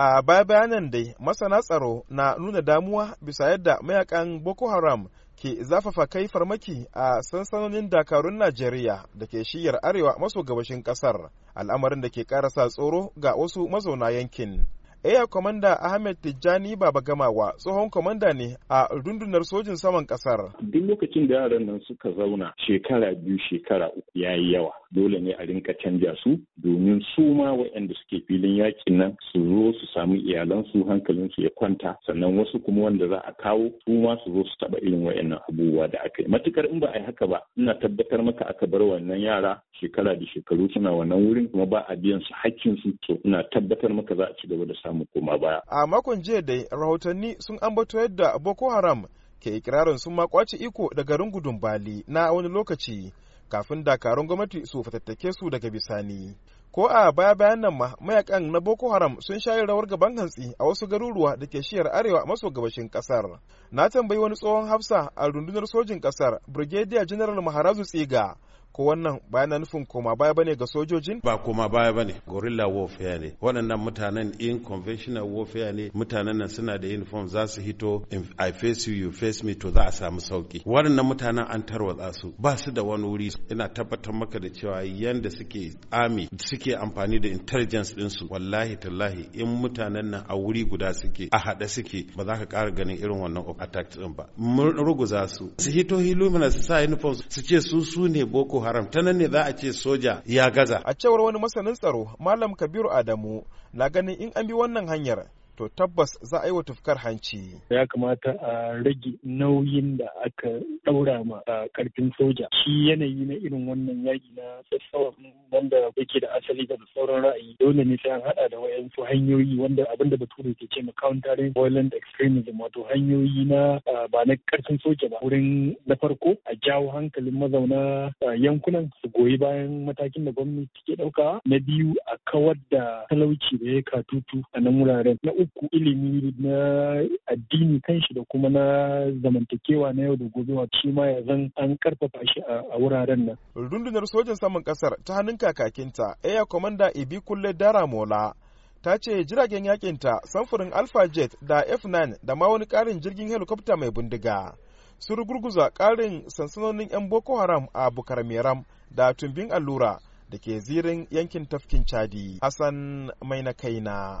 a baya bayanan dai masana tsaro na nuna damuwa bisa yadda mayakan boko haram ke zafafa kai farmaki a sansanonin dakarun najeriya da ke shiyar arewa maso gabashin kasar al'amarin da ke karasa tsoro ga wasu mazauna yankin Air Commander Ahmed Tijjani Baba Gamawa tsohon kwamanda ne a rundunar sojin saman kasar. Duk lokacin da yaran nan suka zauna shekara biyu shekara uku ya yi yawa dole ne a rinka canja su domin su ma waɗanda suke filin yakin nan su zo su samu iyalansu hankalinsu ya kwanta sannan wasu kuma wanda za a kawo su ma su zo su taɓa irin waɗannan abubuwa da aka yi. Matukar in ba a yi haka ba ina tabbatar maka aka bar wannan yara shekara da shekaru suna wannan wurin kuma ba a biyan su hakkin su to ina tabbatar maka za a ci gaba da sa. samu koma baya. A makon jiya dai rahotanni sun ambato yadda Boko Haram ke ikirarin sun ma kwace iko da garin gudun Bali na wani lokaci kafin dakarun gwamnati su fatattake su daga bisani. Ko a baya bayan nan ma mayakan na Boko Haram sun shayar rawar gaban hantsi a wasu garuruwa da ke shiyar arewa maso gabashin kasar. Na tambayi wani tsohon hafsa a rundunar sojin kasar Brigadier General Maharazu Tsiga ko wannan ba yana nufin koma baya bane ga sojojin ba koma baya bane gorilla warfare ne waɗannan mutanen in conventional warfare ne mutanen nan suna da uniform za su hito i face you you face me to za a samu sauki waɗannan mutanen an tarwatsa su ba su da wani wuri ina tabbatar maka da cewa yanda suke ami. suke amfani da intelligence din su wallahi tallahi in mutanen nan a wuri guda suke a haɗe suke ba za ka ƙara ganin irin wannan attack din ba mun ruguza su su hito hilumina su sa uniform su ce su su ne boko haram ta nan ne za a ce soja ya gaza a cewar wani masanin tsaro malam kabiru adamu na ganin in an bi wannan hanyar to tabbas za a yi wa tufkar hanci. Ya kamata a rage nauyin da aka ɗaura ma a karfin soja. Shi yanayi na irin wannan yaƙi na tsawon wanda yake da asali da sauran ra'ayi dole ne sai an haɗa da wayansu hanyoyi wanda abin da bature ke ce ma countering violent extremism wato hanyoyi na ba na karfin soja ba wurin na farko a jawo hankalin mazauna yankunan su goyi bayan matakin da gwamnati ke ɗauka na biyu a kawar da talauci da ya katutu a nan wuraren na uku ilimi na addini kanshi da kuma na zamantakewa na yau da gobe wa shi ma ya an karfafa shi a wuraren nan. Rundunar sojan saman kasar ta hannun kakakinta Air Commander Ibi Kulle Daramola ta ce jiragen yakinta samfurin Alpha Jet da F9 da ma wani karin jirgin helikopta mai bindiga. Sun rugurguza karin sansanonin 'yan Boko Haram a Bukar Meram da Tumbin Allura da ke zirin yankin tafkin Chadi. Hassan Mai na kaina.